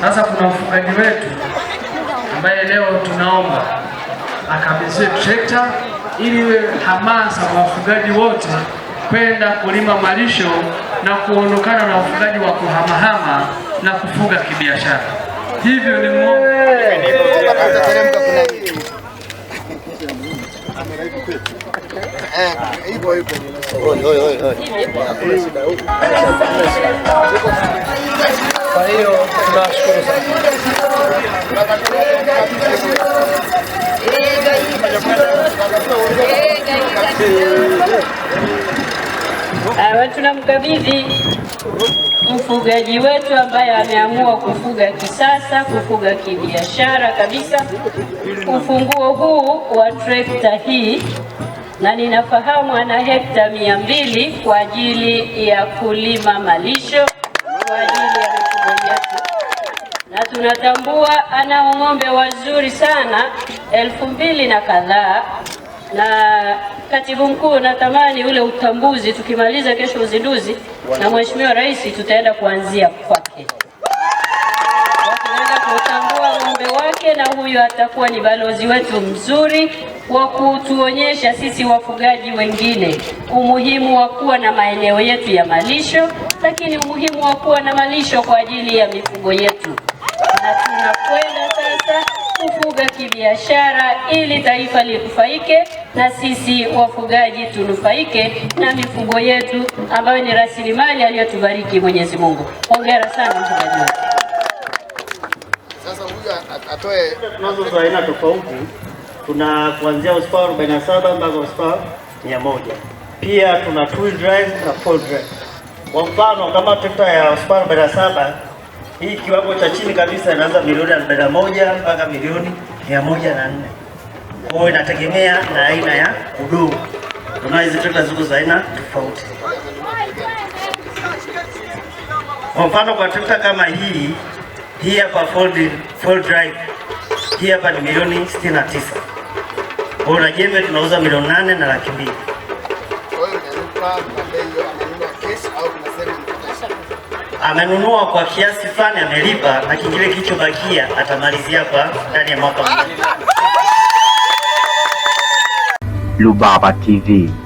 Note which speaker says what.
Speaker 1: Sasa kuna mfugaji wetu ambaye leo tunaomba akabidhiwe trekta ili iwe hamasa kwa wafugaji wote kwenda kulima malisho na kuondokana na ufugaji wa kuhamahama na kufuga kibiashara. Hivyo ni
Speaker 2: hiyo Tunashukuru Tunamkabidhi mfugaji wetu ambaye ameamua kufuga kisasa, kufuga kibiashara kabisa, ufunguo huu wa trekta hii na ninafahamu ana hekta mia mbili kwa ajili ya kulima malisho kwa ajili tunatambua anao ng'ombe wazuri sana elfu mbili na kadhaa na katibu mkuu, natamani ule utambuzi tukimaliza kesho uzinduzi na mheshimiwa rais, tutaenda kuanzia kwake, tunaenda kutambua ng'ombe wake, na huyu atakuwa ni balozi wetu mzuri wa kutuonyesha sisi wafugaji wengine umuhimu wa kuwa na maeneo yetu ya malisho, lakini umuhimu wa kuwa na malisho kwa ajili ya mifugo yetu. biashara ili taifa linufaike na sisi wafugaji tunufaike na mifugo yetu ambayo ni rasilimali aliyotubariki Mwenyezi Mungu. Hongera sana mfugaji
Speaker 3: Sasa huyu atoe tunazo za aina tofauti, tuna kuanzia usipa 47 mpaka usipa 100. Pia tuna two drive na four drive. Kwa mfano kama trekta ya usipa 47 hii kiwango cha chini kabisa inaanza milioni 41 mpaka milioni mia moja na nne. Kwa hiyo inategemea na aina ya kudumu. Kuna hizi trekta ziko za aina tofauti. Kwa mfano kwa trekta kama hii hii hapa full drive hii hapa ni milioni 69. Kwa na jembe tunauza milioni nane na laki mbili
Speaker 4: amenunua kwa kiasi fulani, amelipa, na kingine kilichobakia atamalizia hapa ndani ya mwaka mmoja. Rubaba TV.